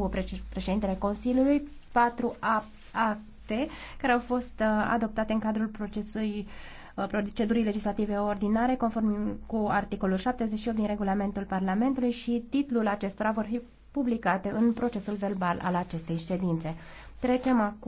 cu președintele Consiliului, patru acte care au fost uh, adoptate în cadrul procesului uh, procedurii legislative ordinare conform cu articolul 78 din regulamentul Parlamentului și titlul acestora vor fi publicate în procesul verbal al acestei ședințe. Trecem acum